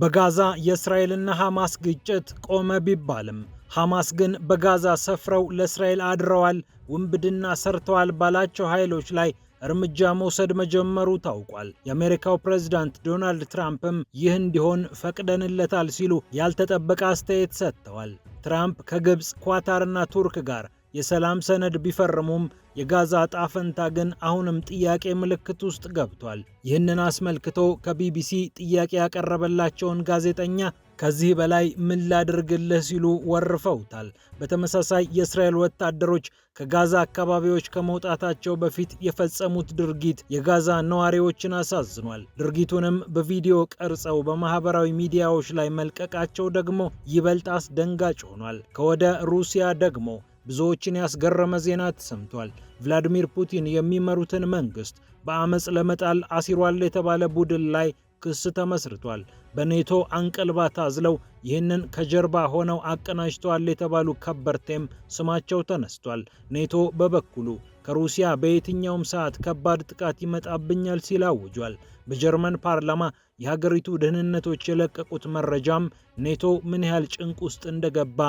በጋዛ የእስራኤልና ሐማስ ግጭት ቆመ ቢባልም ሐማስ ግን በጋዛ ሰፍረው ለእስራኤል አድረዋል፣ ውንብድና ሰርተዋል ባላቸው ኃይሎች ላይ እርምጃ መውሰድ መጀመሩ ታውቋል። የአሜሪካው ፕሬዝዳንት ዶናልድ ትራምፕም ይህ እንዲሆን ፈቅደንለታል ሲሉ ያልተጠበቀ አስተያየት ሰጥተዋል። ትራምፕ ከግብፅ ኳታርና ቱርክ ጋር የሰላም ሰነድ ቢፈርሙም የጋዛ ዕጣ ፈንታ ግን አሁንም ጥያቄ ምልክት ውስጥ ገብቷል። ይህንን አስመልክቶ ከቢቢሲ ጥያቄ ያቀረበላቸውን ጋዜጠኛ ከዚህ በላይ ምን ላድርግልህ ሲሉ ወርፈውታል። በተመሳሳይ የእስራኤል ወታደሮች ከጋዛ አካባቢዎች ከመውጣታቸው በፊት የፈጸሙት ድርጊት የጋዛ ነዋሪዎችን አሳዝኗል። ድርጊቱንም በቪዲዮ ቀርጸው በማህበራዊ ሚዲያዎች ላይ መልቀቃቸው ደግሞ ይበልጥ አስደንጋጭ ሆኗል። ከወደ ሩሲያ ደግሞ ብዙዎችን ያስገረመ ዜና ተሰምቷል። ቭላዲሚር ፑቲን የሚመሩትን መንግስት በአመፅ ለመጣል አሲሯል የተባለ ቡድን ላይ ክስ ተመስርቷል። በኔቶ አንቀልባ ታዝለው ይህንን ከጀርባ ሆነው አቀናጅተዋል የተባሉ ከበርቴም ስማቸው ተነስቷል። ኔቶ በበኩሉ ከሩሲያ በየትኛውም ሰዓት ከባድ ጥቃት ይመጣብኛል ሲል አውጇል። በጀርመን ፓርላማ የሀገሪቱ ደህንነቶች የለቀቁት መረጃም ኔቶ ምን ያህል ጭንቅ ውስጥ እንደገባ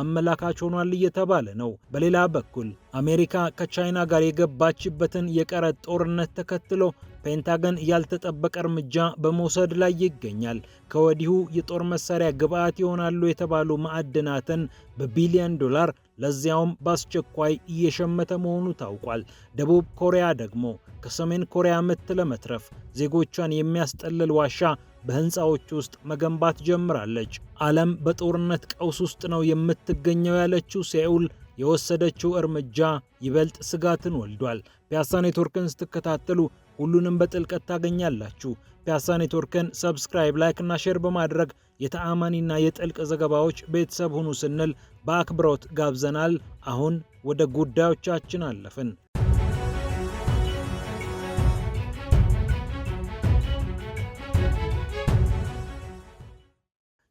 አመላካች ሆኗል እየተባለ ነው። በሌላ በኩል አሜሪካ ከቻይና ጋር የገባችበትን የቀረጥ ጦርነት ተከትሎ ፔንታገን ያልተጠበቀ እርምጃ በመውሰድ ላይ ይገኛል። ከወዲሁ የጦር መሳሪያ ግብዓት ይሆናሉ የተባሉ ማዕድናትን በቢሊዮን ዶላር ለዚያውም በአስቸኳይ እየሸመተ መሆኑ ታውቋል። ደቡብ ኮሪያ ደግሞ ከሰሜን ኮሪያ ምት ለመትረፍ ዜጎቿን የሚያስጠልል ዋሽ እንዳይበላሻ በህንፃዎች ውስጥ መገንባት ጀምራለች። ዓለም በጦርነት ቀውስ ውስጥ ነው የምትገኘው ያለችው ሴኡል የወሰደችው እርምጃ ይበልጥ ስጋትን ወልዷል። ፒያሳ ኔትወርክን ስትከታተሉ ሁሉንም በጥልቀት ታገኛላችሁ። ፒያሳ ኔትወርክን ሰብስክራይብ፣ ላይክ እና ሼር በማድረግ የተአማኒና የጥልቅ ዘገባዎች ቤተሰብ ሁኑ ስንል በአክብሮት ጋብዘናል። አሁን ወደ ጉዳዮቻችን አለፍን።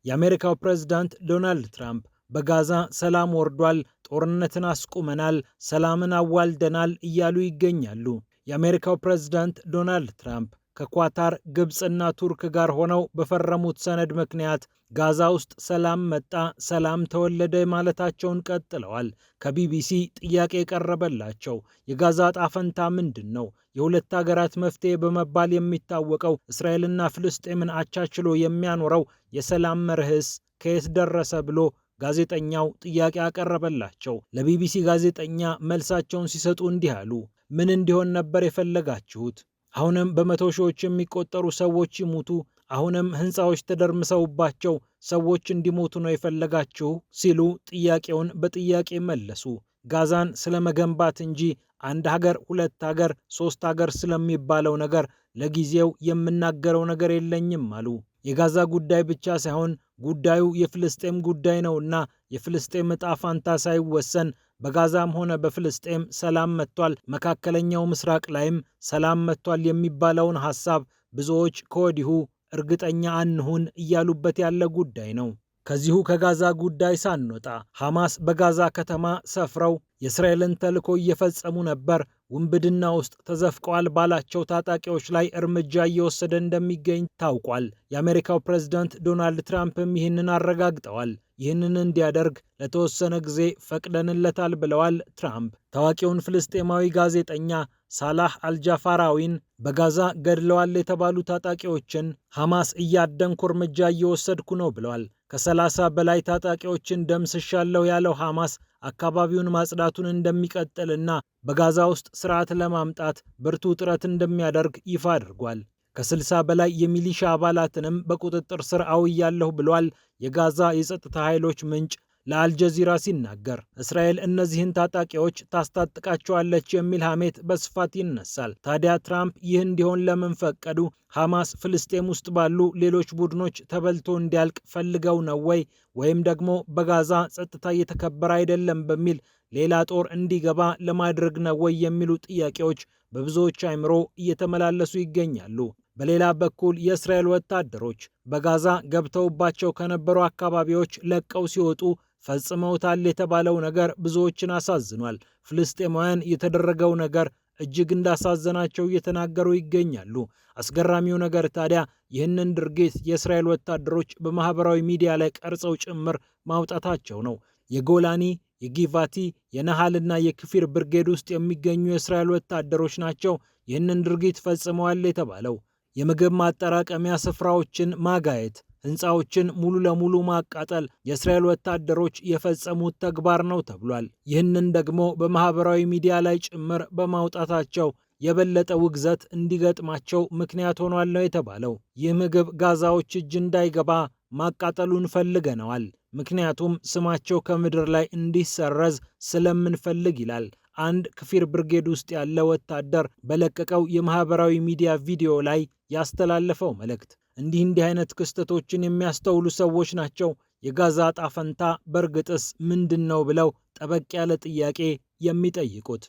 የአሜሪካው ፕሬዝዳንት ዶናልድ ትራምፕ በጋዛ ሰላም ወርዷል፣ ጦርነትን አስቁመናል፣ ሰላምን አዋልደናል እያሉ ይገኛሉ። የአሜሪካው ፕሬዝዳንት ዶናልድ ትራምፕ ከኳታር ግብፅና ቱርክ ጋር ሆነው በፈረሙት ሰነድ ምክንያት ጋዛ ውስጥ ሰላም መጣ፣ ሰላም ተወለደ ማለታቸውን ቀጥለዋል። ከቢቢሲ ጥያቄ የቀረበላቸው የጋዛ ጣፈንታ ምንድን ነው? የሁለት ሀገራት መፍትሄ በመባል የሚታወቀው እስራኤልና ፍልስጤምን አቻችሎ የሚያኖረው የሰላም መርህስ ከየት ደረሰ ብሎ ጋዜጠኛው ጥያቄ አቀረበላቸው። ለቢቢሲ ጋዜጠኛ መልሳቸውን ሲሰጡ እንዲህ አሉ። ምን እንዲሆን ነበር የፈለጋችሁት? አሁንም በመቶ ሺዎች የሚቆጠሩ ሰዎች ይሙቱ፣ አሁንም ህንፃዎች ተደርምሰውባቸው ሰዎች እንዲሞቱ ነው የፈለጋችሁ ሲሉ ጥያቄውን በጥያቄ መለሱ። ጋዛን ስለመገንባት እንጂ አንድ ሀገር፣ ሁለት ሀገር፣ ሶስት ሀገር ስለሚባለው ነገር ለጊዜው የምናገረው ነገር የለኝም አሉ። የጋዛ ጉዳይ ብቻ ሳይሆን ጉዳዩ የፍልስጤም ጉዳይ ነውና የፍልስጤም ጣፋንታ ፋንታ ሳይወሰን በጋዛም ሆነ በፍልስጤም ሰላም መጥቷል፣ መካከለኛው ምስራቅ ላይም ሰላም መጥቷል የሚባለውን ሀሳብ ብዙዎች ከወዲሁ እርግጠኛ አንሁን እያሉበት ያለ ጉዳይ ነው። ከዚሁ ከጋዛ ጉዳይ ሳንወጣ ሐማስ በጋዛ ከተማ ሰፍረው የእስራኤልን ተልዕኮ እየፈጸሙ ነበር ውንብድና ውስጥ ተዘፍቀዋል ባላቸው ታጣቂዎች ላይ እርምጃ እየወሰደ እንደሚገኝ ታውቋል። የአሜሪካው ፕሬዝዳንት ዶናልድ ትራምፕም ይህንን አረጋግጠዋል። ይህንን እንዲያደርግ ለተወሰነ ጊዜ ፈቅደንለታል ብለዋል። ትራምፕ ታዋቂውን ፍልስጤማዊ ጋዜጠኛ ሳላህ አልጃፋራዊን በጋዛ ገድለዋል የተባሉ ታጣቂዎችን ሐማስ እያደንኩ እርምጃ እየወሰድኩ ነው ብለዋል። ከሰላሳ በላይ ታጣቂዎችን ደምስሻለሁ ያለው ሐማስ አካባቢውን ማጽዳቱን እንደሚቀጥልና በጋዛ ውስጥ ስርዓት ለማምጣት ብርቱ ጥረት እንደሚያደርግ ይፋ አድርጓል። ከስልሳ በላይ የሚሊሻ አባላትንም በቁጥጥር ስር አውያለሁ ብሏል። የጋዛ የጸጥታ ኃይሎች ምንጭ ለአልጀዚራ ሲናገር እስራኤል እነዚህን ታጣቂዎች ታስታጥቃቸዋለች የሚል ሐሜት በስፋት ይነሳል። ታዲያ ትራምፕ ይህ እንዲሆን ለምን ፈቀዱ? ሐማስ ፍልስጤም ውስጥ ባሉ ሌሎች ቡድኖች ተበልቶ እንዲያልቅ ፈልገው ነው ወይ? ወይም ደግሞ በጋዛ ጸጥታ እየተከበረ አይደለም በሚል ሌላ ጦር እንዲገባ ለማድረግ ነው ወይ የሚሉ ጥያቄዎች በብዙዎች አይምሮ እየተመላለሱ ይገኛሉ። በሌላ በኩል የእስራኤል ወታደሮች በጋዛ ገብተውባቸው ከነበሩ አካባቢዎች ለቀው ሲወጡ ፈጽመውታል የተባለው ነገር ብዙዎችን አሳዝኗል። ፍልስጤማውያን የተደረገው ነገር እጅግ እንዳሳዘናቸው እየተናገሩ ይገኛሉ። አስገራሚው ነገር ታዲያ ይህንን ድርጊት የእስራኤል ወታደሮች በማኅበራዊ ሚዲያ ላይ ቀርጸው ጭምር ማውጣታቸው ነው። የጎላኒ የጊቫቲ የነሃልና የክፊር ብርጌድ ውስጥ የሚገኙ የእስራኤል ወታደሮች ናቸው ይህንን ድርጊት ፈጽመዋል የተባለው። የምግብ ማጠራቀሚያ ስፍራዎችን ማጋየት ህንፃዎችን ሙሉ ለሙሉ ማቃጠል የእስራኤል ወታደሮች የፈጸሙት ተግባር ነው ተብሏል። ይህንን ደግሞ በማህበራዊ ሚዲያ ላይ ጭምር በማውጣታቸው የበለጠ ውግዘት እንዲገጥማቸው ምክንያት ሆኗል ነው የተባለው። ይህ ምግብ ጋዛዎች እጅ እንዳይገባ ማቃጠሉን ፈልገነዋል፣ ምክንያቱም ስማቸው ከምድር ላይ እንዲሰረዝ ስለምንፈልግ ይላል አንድ ክፊር ብርጌድ ውስጥ ያለ ወታደር በለቀቀው የማህበራዊ ሚዲያ ቪዲዮ ላይ ያስተላለፈው መልእክት። እንዲህ እንዲህ አይነት ክስተቶችን የሚያስተውሉ ሰዎች ናቸው የጋዛ ዕጣ ፈንታ በእርግጥስ ምንድን ነው ብለው ጠበቅ ያለ ጥያቄ የሚጠይቁት።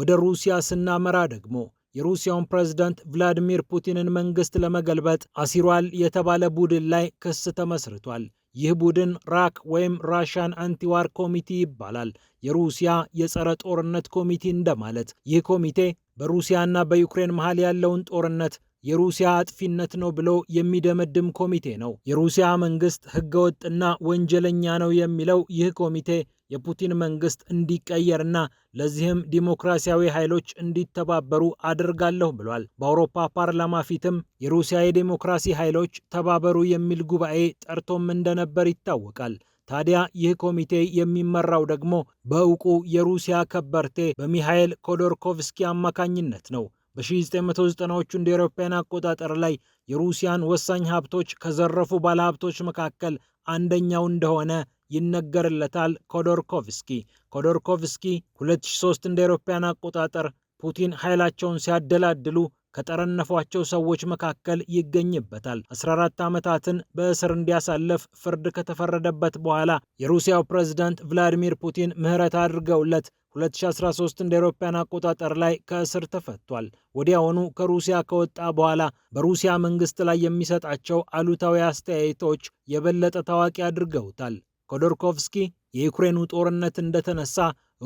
ወደ ሩሲያ ስናመራ ደግሞ የሩሲያውን ፕሬዝዳንት ቭላዲሚር ፑቲንን መንግስት ለመገልበጥ አሲሯል የተባለ ቡድን ላይ ክስ ተመስርቷል። ይህ ቡድን ራክ ወይም ራሽያን አንቲዋር ኮሚቴ ይባላል። የሩሲያ የጸረ ጦርነት ኮሚቴ እንደማለት። ይህ ኮሚቴ በሩሲያና በዩክሬን መሃል ያለውን ጦርነት የሩሲያ አጥፊነት ነው ብሎ የሚደመድም ኮሚቴ ነው። የሩሲያ መንግስት ህገወጥና ወንጀለኛ ነው የሚለው ይህ ኮሚቴ የፑቲን መንግስት እንዲቀየርና ለዚህም ዲሞክራሲያዊ ኃይሎች እንዲተባበሩ አድርጋለሁ ብሏል። በአውሮፓ ፓርላማ ፊትም የሩሲያ የዲሞክራሲ ኃይሎች ተባበሩ የሚል ጉባኤ ጠርቶም እንደነበር ይታወቃል። ታዲያ ይህ ኮሚቴ የሚመራው ደግሞ በእውቁ የሩሲያ ከበርቴ በሚሃኤል ኮዶርኮቭስኪ አማካኝነት ነው። በ1990ዎቹ እንደ አውሮፓውያን አቆጣጠር ላይ የሩሲያን ወሳኝ ሀብቶች ከዘረፉ ባለሀብቶች መካከል አንደኛው እንደሆነ ይነገርለታል። ኮዶርኮቭስኪ ኮዶርኮቭስኪ 2003 እንደ አውሮፓውያን አቆጣጠር ፑቲን ኃይላቸውን ሲያደላድሉ ከጠረነፏቸው ሰዎች መካከል ይገኝበታል። 14 ዓመታትን በእስር እንዲያሳልፍ ፍርድ ከተፈረደበት በኋላ የሩሲያው ፕሬዝዳንት ቭላዲሚር ፑቲን ምህረት አድርገውለት 2013 እንደ አውሮፓውያን አቆጣጠር ላይ ከእስር ተፈቷል። ወዲያውኑ ከሩሲያ ከወጣ በኋላ በሩሲያ መንግስት ላይ የሚሰጣቸው አሉታዊ አስተያየቶች የበለጠ ታዋቂ አድርገውታል። ኮዶርኮቭስኪ የዩክሬኑ ጦርነት እንደተነሳ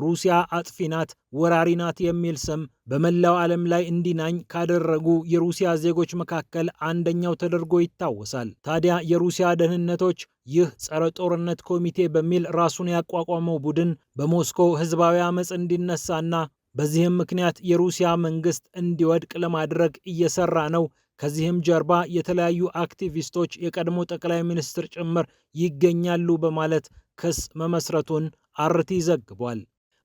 ሩሲያ አጥፊ ናት፣ ወራሪ ናት የሚል ስም በመላው ዓለም ላይ እንዲናኝ ካደረጉ የሩሲያ ዜጎች መካከል አንደኛው ተደርጎ ይታወሳል። ታዲያ የሩሲያ ደህንነቶች ይህ ጸረ ጦርነት ኮሚቴ በሚል ራሱን ያቋቋመው ቡድን በሞስኮ ህዝባዊ አመፅ እንዲነሳና በዚህም ምክንያት የሩሲያ መንግስት እንዲወድቅ ለማድረግ እየሰራ ነው። ከዚህም ጀርባ የተለያዩ አክቲቪስቶች፣ የቀድሞ ጠቅላይ ሚኒስትር ጭምር ይገኛሉ በማለት ክስ መመስረቱን አርቲ ዘግቧል።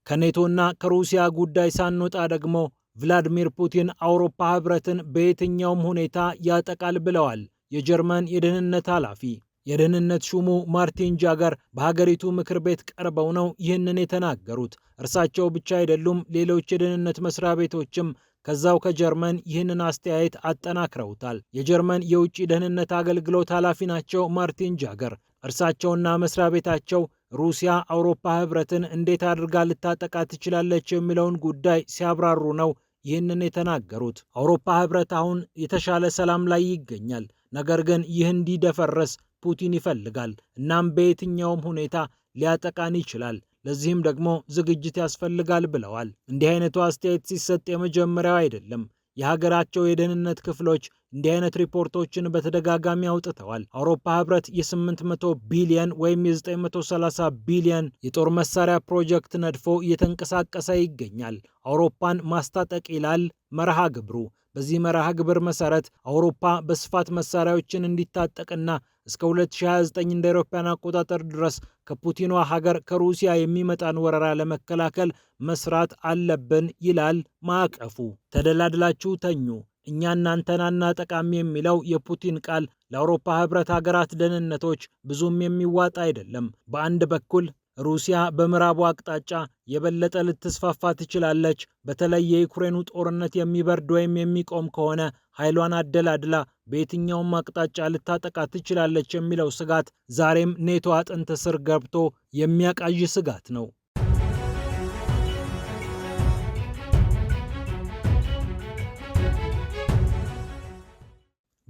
ከኔቶና ከሩሲያ ጉዳይ ሳንወጣ ደግሞ ቭላዲሚር ፑቲን አውሮፓ ህብረትን በየትኛውም ሁኔታ ያጠቃል ብለዋል የጀርመን የደህንነት ኃላፊ። የደህንነት ሹሙ ማርቲን ጃገር በሀገሪቱ ምክር ቤት ቀርበው ነው ይህንን የተናገሩት። እርሳቸው ብቻ አይደሉም፣ ሌሎች የደህንነት መስሪያ ቤቶችም ከዛው ከጀርመን ይህንን አስተያየት አጠናክረውታል። የጀርመን የውጭ ደህንነት አገልግሎት ኃላፊ ናቸው ማርቲን ጃገር። እርሳቸውና መስሪያ ቤታቸው ሩሲያ አውሮፓ ህብረትን እንዴት አድርጋ ልታጠቃ ትችላለች የሚለውን ጉዳይ ሲያብራሩ ነው ይህንን የተናገሩት። አውሮፓ ህብረት አሁን የተሻለ ሰላም ላይ ይገኛል። ነገር ግን ይህ እንዲደፈረስ ፑቲን ይፈልጋል። እናም በየትኛውም ሁኔታ ሊያጠቃን ይችላል። ለዚህም ደግሞ ዝግጅት ያስፈልጋል ብለዋል። እንዲህ አይነቱ አስተያየት ሲሰጥ የመጀመሪያው አይደለም። የሀገራቸው የደህንነት ክፍሎች እንዲህ አይነት ሪፖርቶችን በተደጋጋሚ አውጥተዋል። አውሮፓ ህብረት የ800 ቢሊየን ወይም የ930 ቢሊየን የጦር መሳሪያ ፕሮጀክት ነድፎ እየተንቀሳቀሰ ይገኛል። አውሮፓን ማስታጠቅ ይላል መርሃ ግብሩ። በዚህ መርሃ ግብር መሰረት አውሮፓ በስፋት መሳሪያዎችን እንዲታጠቅና እስከ 2029 እንደ አውሮፓውያን አቆጣጠር ድረስ ከፑቲኗ ሀገር ከሩሲያ የሚመጣን ወረራ ለመከላከል መስራት አለብን ይላል ማዕቀፉ። ተደላድላችሁ ተኙ፣ እኛ እናንተናና ጠቃሚ የሚለው የፑቲን ቃል ለአውሮፓ ህብረት ሀገራት ደህንነቶች ብዙም የሚዋጣ አይደለም። በአንድ በኩል ሩሲያ በምዕራቡ አቅጣጫ የበለጠ ልትስፋፋ ትችላለች። በተለይ የዩክሬኑ ጦርነት የሚበርድ ወይም የሚቆም ከሆነ ኃይሏን አደላድላ በየትኛውም አቅጣጫ ልታጠቃ ትችላለች የሚለው ስጋት ዛሬም ኔቶ አጥንት ስር ገብቶ የሚያቃዥ ስጋት ነው።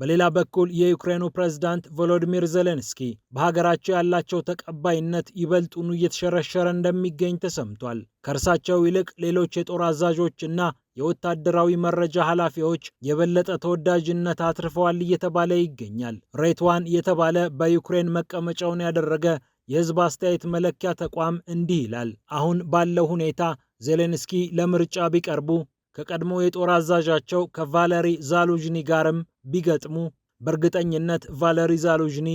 በሌላ በኩል የዩክሬኑ ፕሬዝዳንት ቮሎዲሚር ዜሌንስኪ በሀገራቸው ያላቸው ተቀባይነት ይበልጡኑ እየተሸረሸረ እንደሚገኝ ተሰምቷል። ከእርሳቸው ይልቅ ሌሎች የጦር አዛዦች እና የወታደራዊ መረጃ ኃላፊዎች የበለጠ ተወዳጅነት አትርፈዋል እየተባለ ይገኛል። ሬትዋን የተባለ በዩክሬን መቀመጫውን ያደረገ የሕዝብ አስተያየት መለኪያ ተቋም እንዲህ ይላል። አሁን ባለው ሁኔታ ዜሌንስኪ ለምርጫ ቢቀርቡ ከቀድሞ የጦር አዛዣቸው ከቫለሪ ዛሉዥኒ ጋርም ቢገጥሙ በእርግጠኝነት ቫለሪ ዛሎዥኒ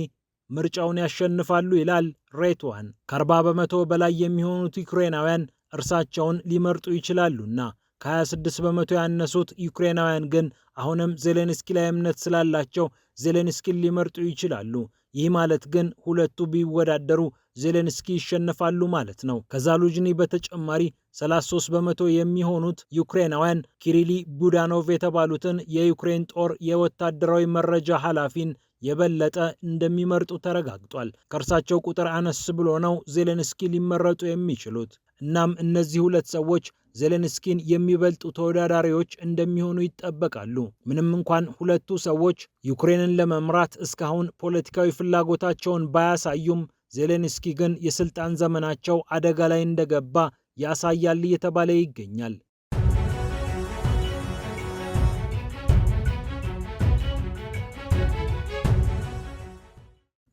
ምርጫውን ያሸንፋሉ ይላል ሬትዋን። ከ40 በመቶ በላይ የሚሆኑት ዩክሬናውያን እርሳቸውን ሊመርጡ ይችላሉና ከ26 በመቶ ያነሱት ዩክሬናውያን ግን አሁንም ዜሌንስኪ ላይ እምነት ስላላቸው ዜሌንስኪን ሊመርጡ ይችላሉ። ይህ ማለት ግን ሁለቱ ቢወዳደሩ ዜሌንስኪ ይሸነፋሉ ማለት ነው። ከዛሉጅኒ በተጨማሪ 33 በመቶ የሚሆኑት ዩክሬናውያን ኪሪሊ ቡዳኖቭ የተባሉትን የዩክሬን ጦር የወታደራዊ መረጃ ኃላፊን የበለጠ እንደሚመርጡ ተረጋግጧል። ከእርሳቸው ቁጥር አነስ ብሎ ነው ዜሌንስኪ ሊመረጡ የሚችሉት። እናም እነዚህ ሁለት ሰዎች ዜሌንስኪን የሚበልጡ ተወዳዳሪዎች እንደሚሆኑ ይጠበቃሉ። ምንም እንኳን ሁለቱ ሰዎች ዩክሬንን ለመምራት እስካሁን ፖለቲካዊ ፍላጎታቸውን ባያሳዩም፣ ዜሌንስኪ ግን የስልጣን ዘመናቸው አደጋ ላይ እንደገባ ያሳያል እየተባለ ይገኛል።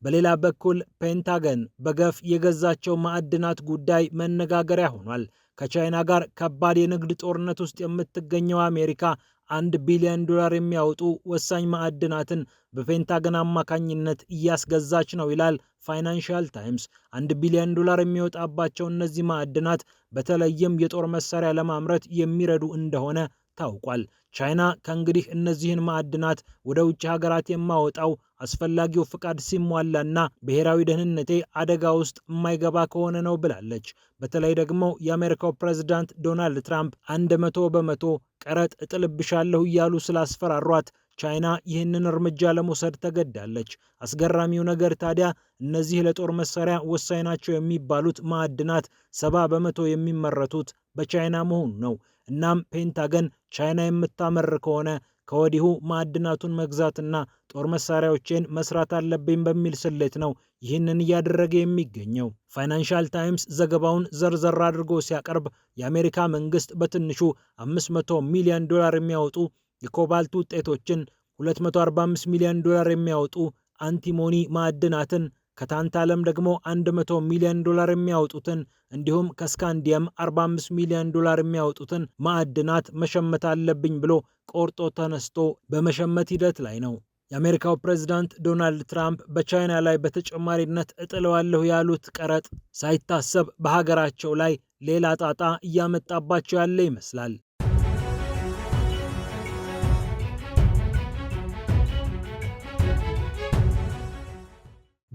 በሌላ በኩል ፔንታገን በገፍ የገዛቸው ማዕድናት ጉዳይ መነጋገሪያ ሆኗል። ከቻይና ጋር ከባድ የንግድ ጦርነት ውስጥ የምትገኘው አሜሪካ አንድ ቢሊዮን ዶላር የሚያወጡ ወሳኝ ማዕድናትን በፔንታገን አማካኝነት እያስገዛች ነው ይላል ፋይናንሻል ታይምስ። አንድ ቢሊዮን ዶላር የሚወጣባቸው እነዚህ ማዕድናት በተለይም የጦር መሳሪያ ለማምረት የሚረዱ እንደሆነ ታውቋል። ቻይና ከእንግዲህ እነዚህን ማዕድናት ወደ ውጭ ሀገራት የማወጣው አስፈላጊው ፍቃድ ሲሟላና ብሔራዊ ደህንነቴ አደጋ ውስጥ የማይገባ ከሆነ ነው ብላለች። በተለይ ደግሞ የአሜሪካው ፕሬዝዳንት ዶናልድ ትራምፕ አንድ መቶ በመቶ ቀረጥ እጥልብሻለሁ እያሉ ስላስፈራሯት ቻይና ይህንን እርምጃ ለመውሰድ ተገዳለች። አስገራሚው ነገር ታዲያ እነዚህ ለጦር መሳሪያ ወሳኝ ናቸው የሚባሉት ማዕድናት ሰባ በመቶ የሚመረቱት በቻይና መሆኑ ነው። እናም ፔንታገን ቻይና የምታመር ከሆነ ከወዲሁ ማዕድናቱን መግዛትና ጦር መሳሪያዎችን መስራት አለብኝ በሚል ስሌት ነው ይህንን እያደረገ የሚገኘው። ፋይናንሻል ታይምስ ዘገባውን ዘርዘር አድርጎ ሲያቀርብ የአሜሪካ መንግስት በትንሹ 500 ሚሊዮን ዶላር የሚያወጡ የኮባልት ውጤቶችን፣ 245 ሚሊዮን ዶላር የሚያወጡ አንቲሞኒ ማዕድናትን ከታንታለም ደግሞ 100 ሚሊዮን ዶላር የሚያወጡትን እንዲሁም ከስካንዲየም 45 ሚሊዮን ዶላር የሚያወጡትን ማዕድናት መሸመት አለብኝ ብሎ ቆርጦ ተነስቶ በመሸመት ሂደት ላይ ነው። የአሜሪካው ፕሬዝዳንት ዶናልድ ትራምፕ በቻይና ላይ በተጨማሪነት እጥለዋለሁ ያሉት ቀረጥ ሳይታሰብ በሀገራቸው ላይ ሌላ ጣጣ እያመጣባቸው ያለ ይመስላል።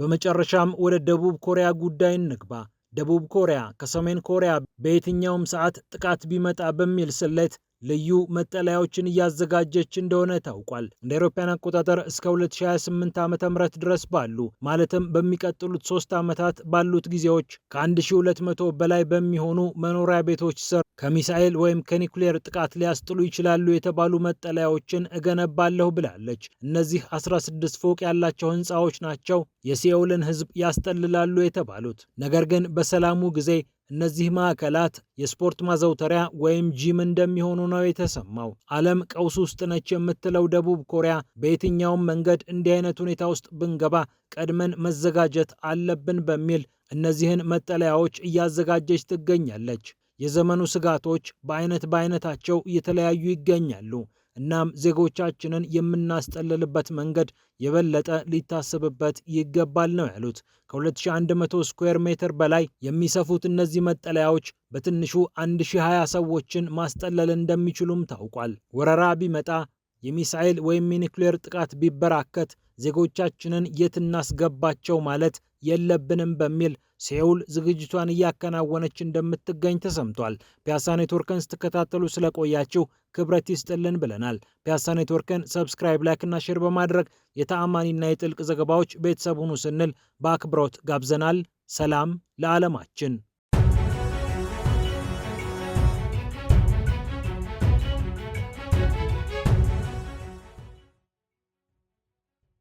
በመጨረሻም ወደ ደቡብ ኮሪያ ጉዳይ እንግባ። ደቡብ ኮሪያ ከሰሜን ኮሪያ በየትኛውም ሰዓት ጥቃት ቢመጣ በሚል ስሌት ልዩ መጠለያዎችን እያዘጋጀች እንደሆነ ታውቋል። እንደ አውሮፓውያን አቆጣጠር እስከ 2028 ዓ ም ድረስ ባሉ ማለትም በሚቀጥሉት ሶስት ዓመታት ባሉት ጊዜዎች ከ1200 በላይ በሚሆኑ መኖሪያ ቤቶች ስር ከሚሳኤል ወይም ከኒውክሌር ጥቃት ሊያስጥሉ ይችላሉ የተባሉ መጠለያዎችን እገነባለሁ ብላለች። እነዚህ 16 ፎቅ ያላቸው ህንፃዎች ናቸው የሲኦልን ህዝብ ያስጠልላሉ የተባሉት። ነገር ግን በሰላሙ ጊዜ እነዚህ ማዕከላት የስፖርት ማዘውተሪያ ወይም ጂም እንደሚሆኑ ነው የተሰማው። ዓለም ቀውስ ውስጥ ነች የምትለው ደቡብ ኮሪያ በየትኛውም መንገድ እንዲህ አይነት ሁኔታ ውስጥ ብንገባ ቀድመን መዘጋጀት አለብን በሚል እነዚህን መጠለያዎች እያዘጋጀች ትገኛለች። የዘመኑ ስጋቶች በአይነት በአይነታቸው እየተለያዩ ይገኛሉ። እናም ዜጎቻችንን የምናስጠልልበት መንገድ የበለጠ ሊታሰብበት ይገባል ነው ያሉት። ከ2100 ስኩዌር ሜትር በላይ የሚሰፉት እነዚህ መጠለያዎች በትንሹ 1020 ሰዎችን ማስጠለል እንደሚችሉም ታውቋል። ወረራ ቢመጣ የሚሳኤል ወይም የኒውክሌር ጥቃት ቢበራከት ዜጎቻችንን የት እናስገባቸው ማለት የለብንም በሚል ሴውል ዝግጅቷን እያከናወነች እንደምትገኝ ተሰምቷል። ፒያሳ ኔትወርክን ስትከታተሉ ስለቆያችሁ ክብረት ይስጥልን ብለናል። ፒያሳ ኔትወርክን ሰብስክራይብ፣ ላይክና ሼር በማድረግ የተአማኒና የጥልቅ ዘገባዎች ቤተሰብ ሁኑ ስንል በአክብሮት ጋብዘናል። ሰላም ለዓለማችን።